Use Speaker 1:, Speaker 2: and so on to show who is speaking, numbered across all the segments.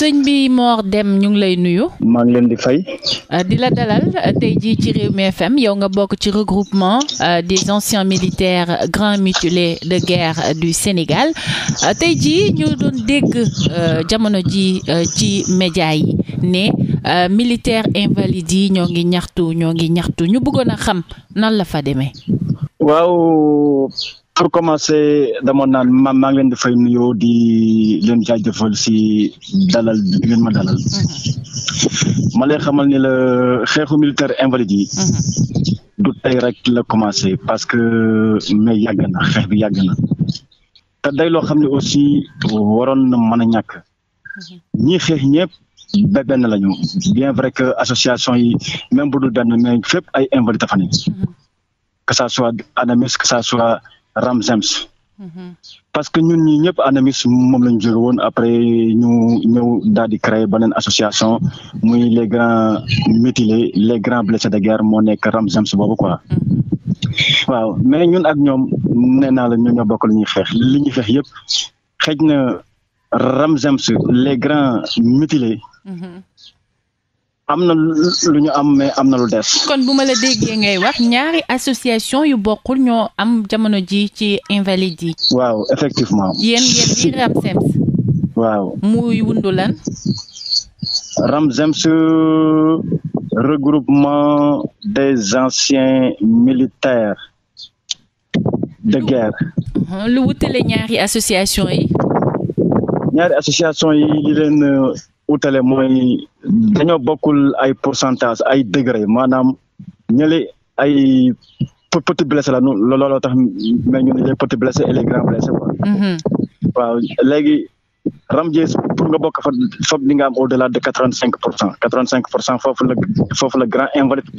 Speaker 1: sëñ bi Mor Deme ñu ngi lay nuyu.
Speaker 2: maa ngi leen di fay.
Speaker 1: Euh, di la dalal euh, tey jii ci réew Rewmi FM yow nga bokk ci regroupement euh, des anciens militaires grands mutilés de guerre du Sénégal tey jii ñu doon dégg jamono ji ci média yi ne militaire invalides yi ñoo ngi ñaxtu ñoo ngi ñaxtu ñu buggoon a xam nan la fa demee.
Speaker 2: pour commencer dama naan ma maa ngi leen fay nuyoo di leen jaajëfal si dalal bi ngeen ma dalal mm-hmm. ma lay xamal ni la xeexu militaire invalide yi mm-hmm. du tey rek la commencé parce que mais yàgg na xeex bi yàgg na te day loo xam ne aussi waroon na mën a ñàkk mm-hmm. ñi xeex ñëpp ba benn la ñu bien vrai que association yi même bu dul benn mais ay invalide fa ne que ça soit ANAMIS que ça soit Ramzems. Mhm. parce que ñun ñi ñëpp ANAMIS moom lañu jóge woon après ñu ñëw daal di créer beneen association muy les grands mutilés les grands blessés de guerre moo nekk Ramzems boobu quoi. Mhm. waaw mais ñun ak ñoom nee naa la ñun ñoo bokk li ñuy xeex li ñuy xeex yëpp xëj na Ramzems les grands mutilés. Mhm. am na lu ñu am mais am na lu des.
Speaker 1: kon bu ma la déggee ngay wax ñaari association yu bokkul ñoo am jamono ji ci invalides yi.
Speaker 2: waaw effectivement. yéen
Speaker 1: ngeen di RAMSEMS. waaw muy wundu lan.
Speaker 2: RAMSEMS regroupement des anciens militaires de guerre.
Speaker 1: Uh-huh. lu wutale ñaari association yi.
Speaker 2: ñaari association yi li leen. utale mooy dañoo bokkul ay pourcentage ay degré maanaam ñële ay petit blessé la looloo tax mais ñu ne les petits blessés et les grands blessés quoi. Mm-hmm. waaw léegi Ramdiès pour nga bokk fa foog di nga am au delà de quatre vingt cinq pour cent quatre vingt cinq pour cent foofu la foofu la grand invalide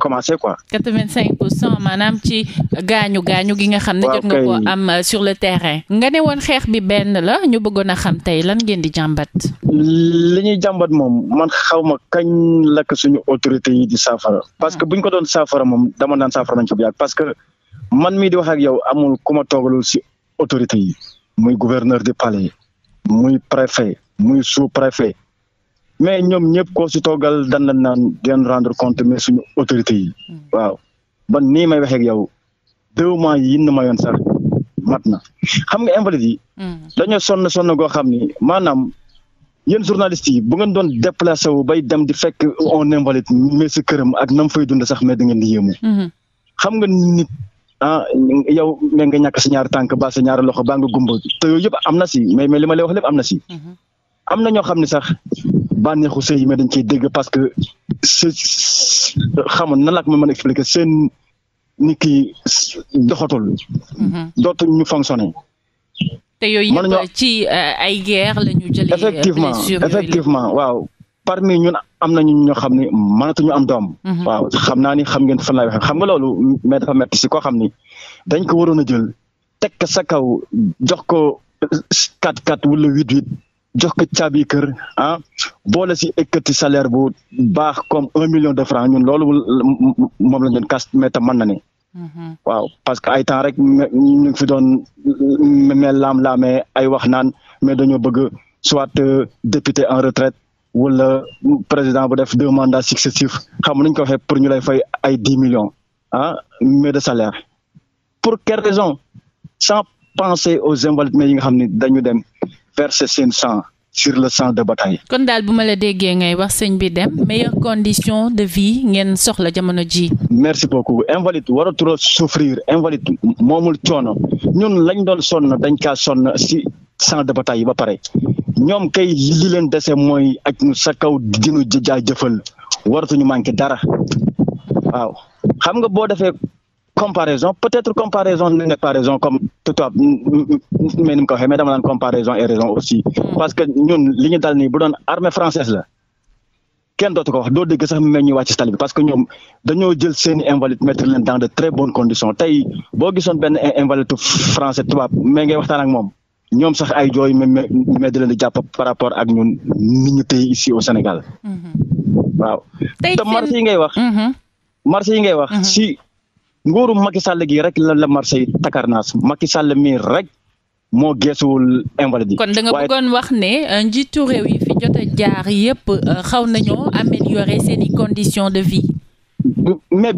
Speaker 2: commencé quoi.
Speaker 1: 85 pour cent maanaam ci gaañu gaañu gi nga xam ne. jot nga ko am euh, sur le terrain. nga ne woon xeex bi benn la ñu bëggoon a xam tey lan ngeen di jàmbat.
Speaker 2: li ñuy jàmbat moom man xaw ma kañ lakk suñu autorité yi di saafara. parce que bu mm. buñ ko doon saafara moom dama naan saafara nañ ci bu yàgg parce que man mii di wax ak yow amul ku ma toogalul si autorité yi muy gouverneur du palais muy préfet muy sous préfet. mais ñoom ñëpp koo si toogal dan la naan dinañ rendre compte mais suñu autorité yi mm. waaw ban nii may waxee ak yow deux mois yi na ma sax mat na xam nga invalides yi mm. dañoo sonn sonn goo xam ni maanaam yéen journalistes yi bu ngeen doon déplacé wu bay dem di fekk on invalide mais si këram ak nam fay sax mais da ngeen di yéemu mm-hmm. xam nga nit ah yow mais nga ñàkk si ñaari tànk ba sa ñaari loxo baa nga gumba te yooyu yëpp am na si mais mais li ma lay wax lépp am si mm-hmm. am na ñoo sax bànneexu sëy yi mais dañ ciy dégg parce que c'est xam nan laa ko mën a expliquer seen nit ki doxatul. Mhm. dootu ñu fonctionner.
Speaker 1: te yooyu yëpp ci euh, ay guerre la ñu jëlee. Euh, effectivement
Speaker 2: effectivement waaw. parmi ñun am nañu ñoo xam ne mënatuñu am doom. Mhm. waaw xam naa ni xam ngeen fan laay xam nga loolu mais dafa metti si koo xam ni dañ ko waroon a jël teg sa kaw jox ko 4 4 wala 8 8. jox ko caabi kër ah boole si ekkati salaire bu baax comme un million de francs ñun loolu moom la ñu doon kas mais tam na ni. Mhm. waaw parce que ay temps rek ñu ngi fi doon mel laam-laamee ay wax naan mais dañoo bëgg soit euh, député en retraite wala président bu def deux mandats successifs xam nañ ko waxee pour ñu lay fay ay dix millions ah mais de salaire pour quelle raison sans penser aux invalides yi nga xam ne dañu dem. verser seen sang sur le champ de bataille.
Speaker 1: kon daal bu ma la déggee ngay wax sëñ bi dem meilleures conditions de vie ngeen soxla jamono ji.
Speaker 2: merci beaucoup invalide waratuloo souffrir invalide moomul coono ñun lañ doon sonn dañ kaa sonn si champ de bataille ba pare ñoom kay li leen dese mooy ak nu sa kaw dinu jaajëfal waratuñu manqué dara waaw xam nga boo defee comparaison peut-être comparaison lu nekk raison comme tutuwaab mais ni mu ko waxee mais dama naan raison aussi hmm. parce que ñun li ñu dal nii bu doon armée française la kenn dootu ko wax doo dégg sax meñ ñuy wàcc parce que ñoom dañoo jël seen invalide mettre leen dans de très bonnes conditions tey boo gisoon benn invalide français tubaab mais ngay waxtaan ak sax ay jooy mais mais di leen par rapport ak ñun nit ñu tey ici au Sénégal hmm. waaw te ngóoru Macky Sall gi rek la la marché yi takarnaas Macky Sall mii rek moo geesuwul invalide yi. kon da nga bëggoon
Speaker 1: wax ne euh, njiitu réew yi fi jot a jaar yépp euh, xaw nañoo améliorer seen i de vie.
Speaker 2: mais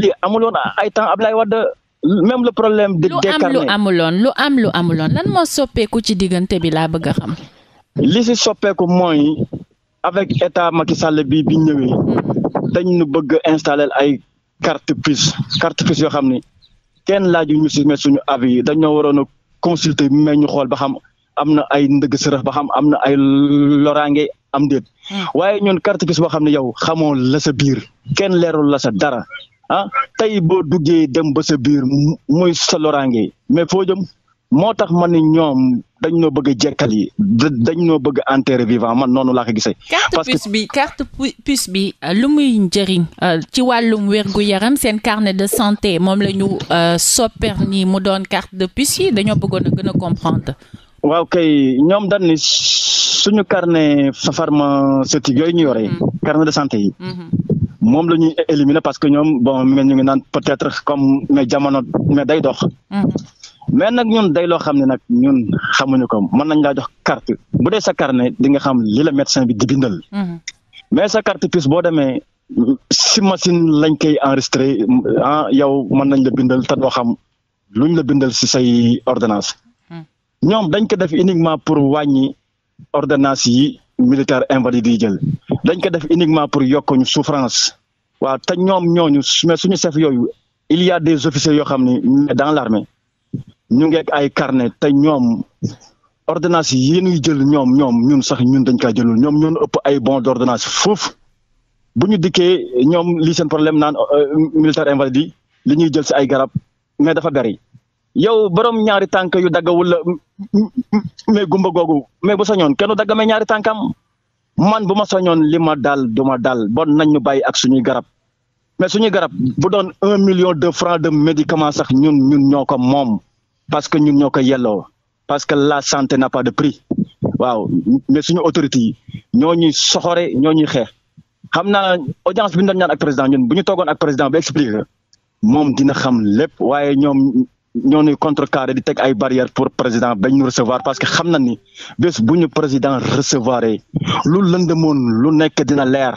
Speaker 2: li amuloon ay temps Ablaye Wade même le problème. de décarné lu am lu
Speaker 1: amuloon am lu amuloon lan moo soppeeku ci diggante bi laa bëgg a xam.
Speaker 2: li si soppeeku mooy avec état Macky bi bi ñëwee hmm. dañ ñu bëgg installer ay. carte puce carte puce yoo xam ni kenn laaju ñu si mais suñu avis yi dañoo waroon a consulter mais ñu xool ba xam am na ay ndëgg sërëx ba xam am na ay loraange am déet hmm. waaye ñun carte puce boo xam ne yow xamoo la sa biir kenn leerul la sa dara ah tey boo duggee dem ba sa biir muy sa loraange mais foo moo tax ma ni ñoom dañ noo bëgg a jekkal yi dañ noo bëgg a enterrer vivant man noonu laa ko gisee.
Speaker 1: parce que carte puce bi bi euh, lu muy njëriñ euh, ci wàllum gu yaram seen carnet de santé moom la ñu euh, soppeer nii mu doon carte de puce yi dañoo bëggoon a gën a comprendre.
Speaker 2: waaw kay ñoom dañ ni suñu carnet pharmaceutique yooyu ñu yore. Mm-hmm. carnet de santé yi. Mm-hmm. moom la éliminer parce que ñoom bon ñu ngi naan peut-être comme mais jamono mais day dox. Mm-hmm. mais nag ñun day loo xam ne nag ñun xamuñu ko mën nañ laa jox carte bu dee sa carnet di xam li la médecin bi di bindal. Mhm. mais sa carte boo demee si machine lañ koy enregistré ah yow mën nañ la bindal ta doo xam luñ la bindal si say ordonnance mhm. ñoom dañ ko def uniquement pour wàññi ordonnance yi militaire invalide yi jël dañ ko def uniquement pour yokk ñu souffrance waaw te ñoom ñooñu mais suñu chef yooyu il y a des officiers yoo xam ne dans l' armée ñu ngeek ay carnet te ñoom ordonnance yi ñuy jël ñoom ñoom ñun sax ñun dañ kaa jëlul ñoom ñun ëpp ay bon d' ordonnance foofu bu ñu dikkee ñoom li seen problème naan euh, militaire invalide yi li ñuy jël si ay garab mais dafa bari yow borom ñaari tànk yu daggawul la mais gumba googu mais bu sañoon kenn daggamee ñaari tànkam man bu ma sañoon li ma daal du daal bon nañ ñu bàyyi ak suñuy garab mais suñuy garab bu doon un million de francs de médicament sax ñun ñun ñoo ko moom parce que ñun ñoo ko yelloo parce que la santé n'a pas de prix waaw mais suñu autorités yi ñoo ñuy soxore ñoo ñuy xeex xam naa audience bi ñu ñaan ak président ñun bu toogoon ak président ba expliqué moom dina xam lépp waaye ñoom ñoo ñuy contrecarré di teg ay barrières pour président bañ ñu recevoir parce que xam na ni bés bu ñu président recevoir lu lëndëmoon lu nekk dina leer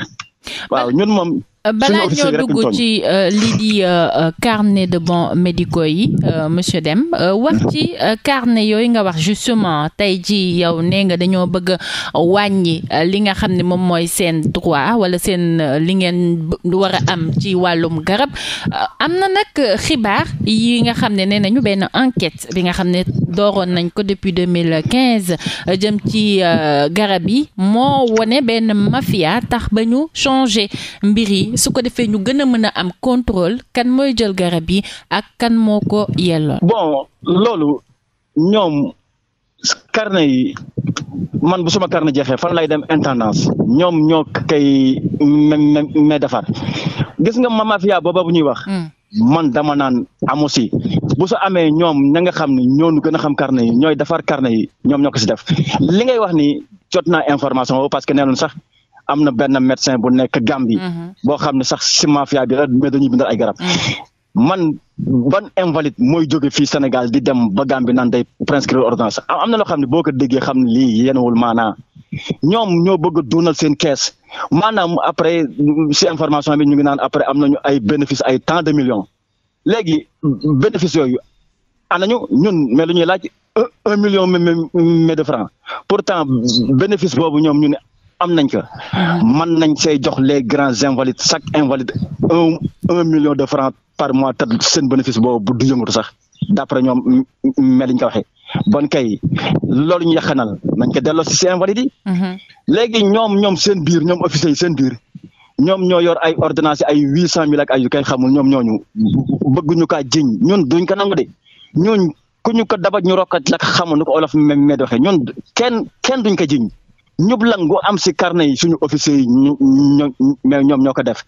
Speaker 2: waaw ñun moom. Euh, balaa ñoo dugg ci
Speaker 1: euh, lii di euh, de bon médico yi monsieur dem wax mhm. ci carnet yooyu nga wax justement tey ji yow nee nga dañoo bëgg wàññi li nga xam ne moom mooy seen droit wala seen li ngeen war a am ci wàllum garab am na nag xibaar yi nga xam ne nee nañu benn enquête bi nga xam ne dooroon nañ ko depuis deux mille quinze jëm ci garab yi moo wone benn mafia tax bañu ñu changé mbir yi su ko defee ñu gën a mën a am contrôle kan mooy jël garab yi ak kan moo ko yelloo.
Speaker 2: bon loolu ñoom carnet yi man bu suma carnet jeexee fan lay dem intendance ñoom ñoo kay me me defar gis nga mamafia booba bu ñuy wax. Mm. man dama naan amusi bu sa amee ñoom ña nga xam ne ñoonu gën a xam carnet yi ñooy defar carnet yi ñoom ñoo ko si def li ngay wax ni jot naa information parce que nee sax. am na benn médecin bu nekk Gambie. Mhm. boo xam ne sax si mafia bi la mais ay garab. Mhm. man ban invalide mooy jóge fii Sénégal di dem ba Gambie naan day prescrire ordonnance am na loo xam ne boo ko déggee xam ne lii yenewul maanaa ñoom ñoo bëgg a duunal seen kees maanaam après mm, si information bi ñu ngi naan après am nañu ay bénéfice ay tant de millions léegi bénéfice yooyu anañu ñun mais lu ñuy laaj un million mais de francs pourtant bénéfice boobu ñoom ñu ne am nañ ko man nañ say jox les grands invalides chaque invalide un un million de francs par mois te seen bénéfice boobu du yëngatu sax d'après ñoom mel ñu ko waxee bon kay loolu ñu yàqanal nañ ko delloo si si invalides yi. Mm-hmm. léegi ñoom ñoom seen biir ñoom officiers yi seen biir ñoom ñoo yor ay ordonnance ay huit cent mille ak ay yu kay xamul ñoom ñooñu bëgguñu kaa jiñ ñun duñ ko nangu de ñooñ ku ñu ko dabaj ñu rokkat la xamul nu ko olof me me doxee ñun kenn kenn duñ ko jiñ. ñub lang am si carnet yi suñu officiers yi ñu ñoom ñoo ko def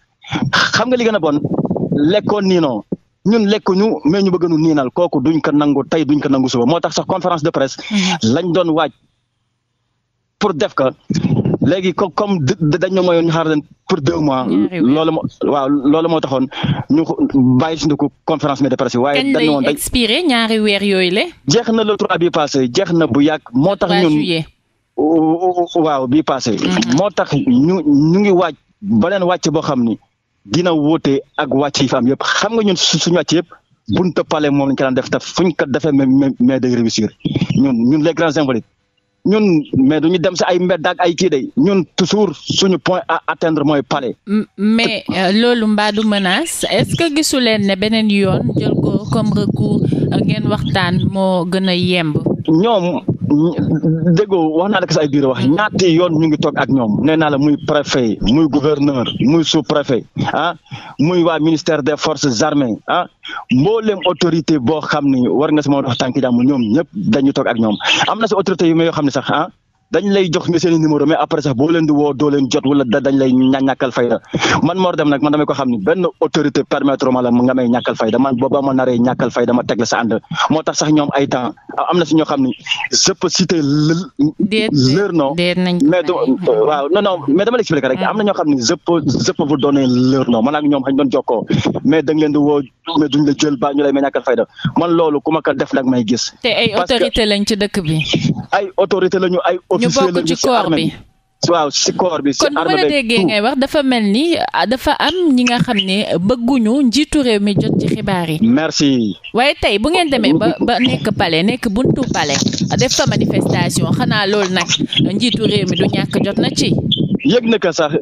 Speaker 2: xam nga li gën a bon lekkoon nii non ñun lekkuñu mais ñu bëgg nu niinal kooku duñ ko nangu tey duñ ko nangu suba moo tax sax conférence de presse mm-hmm. lañ doon waaj pour def ko léegi ko comme dañoo mayoon ñu xaar leen pour deux mois loolu moo waaw loolu moo taxoon ñu bàyyi suñu ko conférence mais de presse waaye daño woon dañ
Speaker 1: expiré ñaari weer yooy la
Speaker 2: jeex na le trois bi passé jeex na bu yàgg moo tax ñun waaw bii passé mm-hmm. moo tax ñu ñu ngi wàcc beneen wàcc boo xam ni dina wóote ak wàcc yi fa am yëpp xam nga ñun suñ wàcc yëpp bunta pale moom lañ ko daan def taf fuñ ko defee mais day réussir ñun ñun les grands invalides ñun mais duñu dem si ay mbedd ak ay kii day ñun toujours suñu point à atteindre mooy palais.
Speaker 1: mais euh, loolu mbaa du menace est-ce que gisu leen ne beneen yoon jël ko comme recours ngeen waxtaan moo gën a yemb. ñoom
Speaker 2: déggoo wax naa la sa ay biir wax ñaati yoon ñu ngi toog ak ñoom nee naa la muy préfet muy gouverneur muy sous préfet ah muy waa ministère des forces armées ah mboolem autorité boo xam ni war nga si moo dox tànki jàmm ñoom ñëpp dañu toog ak ñoom am na si autorité yu ma yoo xam ne sax ah dañ lay jox nga seen numéro mais après sax boo leen di woo jot wala da lay ñàkkal fayda man Mor Dème man damay ko xam ni benn la nga may ñàkkal fayda man booba ma naree ñàkkal fayda ma teg la sa ànd moo tax ñoom ay temps am na si ñoo xam ni je peux citer leur nom mais euh, waaw non non mais dama la expliquer rek ah. am na ñoo xam ni je peux je peux vous donner leur man ak ñoom xañ doon jokkoo mai dañ leen di woo mais duñ la jël ba ñu lay may ñàkkal fayda man loolu ku ma ko def nag may gis
Speaker 1: te ay autorité lañ ci bi ay
Speaker 2: autorité lañu ay officier lañu ci corps bi waaw si corps bi si armée kon bu ma la déggee ngay
Speaker 1: wax dafa mel ni ah, dafa am ñi nga xam ne bëgguñu njiitu réew mi jot ci xibaar yi. merci. waaye tey bu ngeen demee ba nekk palais nekk buntu palais def fa manifestation xanaa loolu nag njiitu réew mi du ñàkk jot na ci.
Speaker 2: yëg na ko sax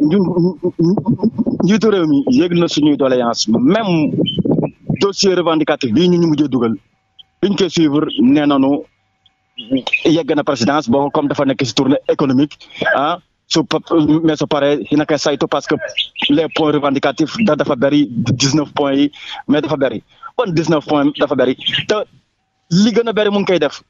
Speaker 2: njiitu réew mi yëg na suñuy doléance même dossier revendicatif bii ñu ñu mujjee dugal biñ koy suivre nee nañu yegg na présidence boobu comme dafa nekk si tournée économique ah su mais su paree dina koy sayto parce que les point revendicatifs da dafa bëri dix neuf points yi mais dafa bëri bon dix neuf points dafa bëri te li gën a bëri mu ngi koy def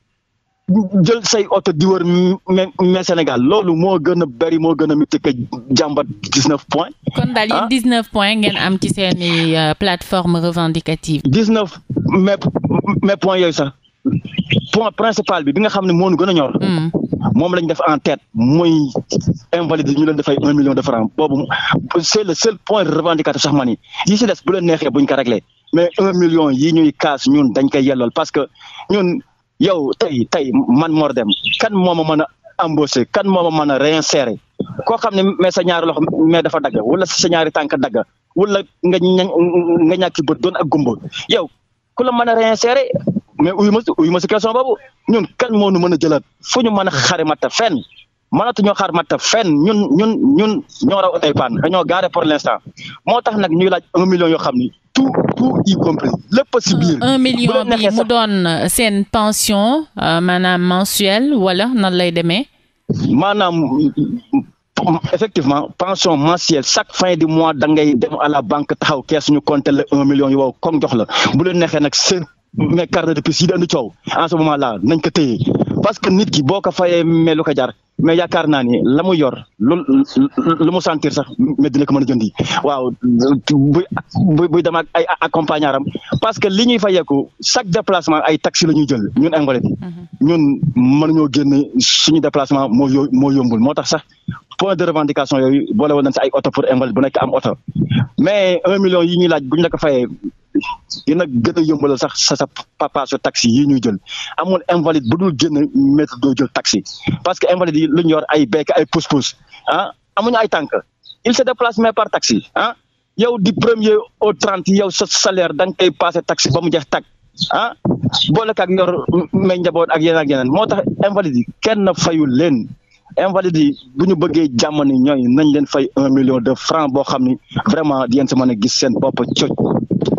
Speaker 2: jël say oto di wër mais Sénégal loolu moo gën a bëri moo gën a métti que jàmbat dix neuf points.
Speaker 1: kon daal yéen ah. dix neuf points ngeen am ci seen i euh, plateforme revendicative. dix neuf mais mais points yooyu sax.
Speaker 2: point principal bi bi nga xam ne moo ñu gën a ñor. Mm. moom lañ def en tête mooy invalide ñu leen dafay un million de francs boobu c'est le seul point revendicatif sax man yi yi si des bu leen neexee buñ ko réglé mais un million yi ñuy kaas ñun dañ koy yellool parce que ñun yow tey tey man Mor Dème kan moo ma mën a embaucher kan moo ma mën a réinsérer koo xam ne mais sa ñaari loxo mais dafa dagg wala sa ñaari tànk dagg wala nga ña nga ñàkki bët doon ak gumba yow ku la mën a réinsérer mais uyu ma si uyu ma si question boobu ñun kan moo nu mën a jëlaat fu ñu mën a xare matta fenn mënatuñoo xaar matta fenn ñun ñun ñun ñoo raw tey fànn dañoo garé pour l' instant moo tax nag ñuy laaj un million yoo xam ni tout tout y lépp si biir. un million bi mu
Speaker 1: doon seen pension euh, maanaam mensuelle wala nan lay demee.
Speaker 2: maanaam. effectivement pension mensuelle chaque fin du mois da ngay dem à la banque taxaw kees ñu compter la un million yow kon jox la bu leen neexee nag seen mais carnet de piste yi di andi coow en ce moment là nañ ko téye parce que nit ki boo ko fayee mais lu ko jar mais yaakaar ni la mu yor lu lu mu sentir sax mais dina ko mën a jëndi waaw buy buy buy dem parce que li ñuy fayeeku chaque déplacement ay taxi la ñuy jël ñun Angolais bi mhm. ñun mënuñoo génn suñu déplacement moo yombul moo tax sax point de revendication yooyu boole woon nañ si ay oto pour Angolais bu nekk am oto mais un million yi laaj bu ñu la bi dina gën a yombalal sax sa sa papaasu taxi yi ñuy jël amoon invalide bu dul génn métro doo jël taxi parce que invalide yi lu ñu yor ay bekk ay pousse-pousse ah ay tànk il se déplace mais par taxi ah yow di premier au trente yow sa salaire da nga koy passé taxi ba mu jeex tag ah boole ak yor may njaboot ak yeneen yeneen moo tax invalide yi kenn fayu leen invalides yi bu ñu bëggee jàmm ni ñooy nañ leen fay un million de francs boo xam ni vraiment di si mën a gis seen bopp cooc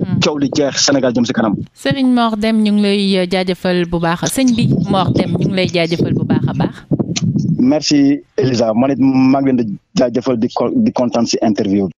Speaker 2: hmm. coow li jeex Sénégal jëm si kanam.
Speaker 1: Serigne Mor Deme ñu ngi lay euh, jaajëfal bu baax sëñ bi Mor Deme lay jaajëfal bu a baax.
Speaker 2: merci Elisa man it mag leen di jaajëfal di di kontaan si interview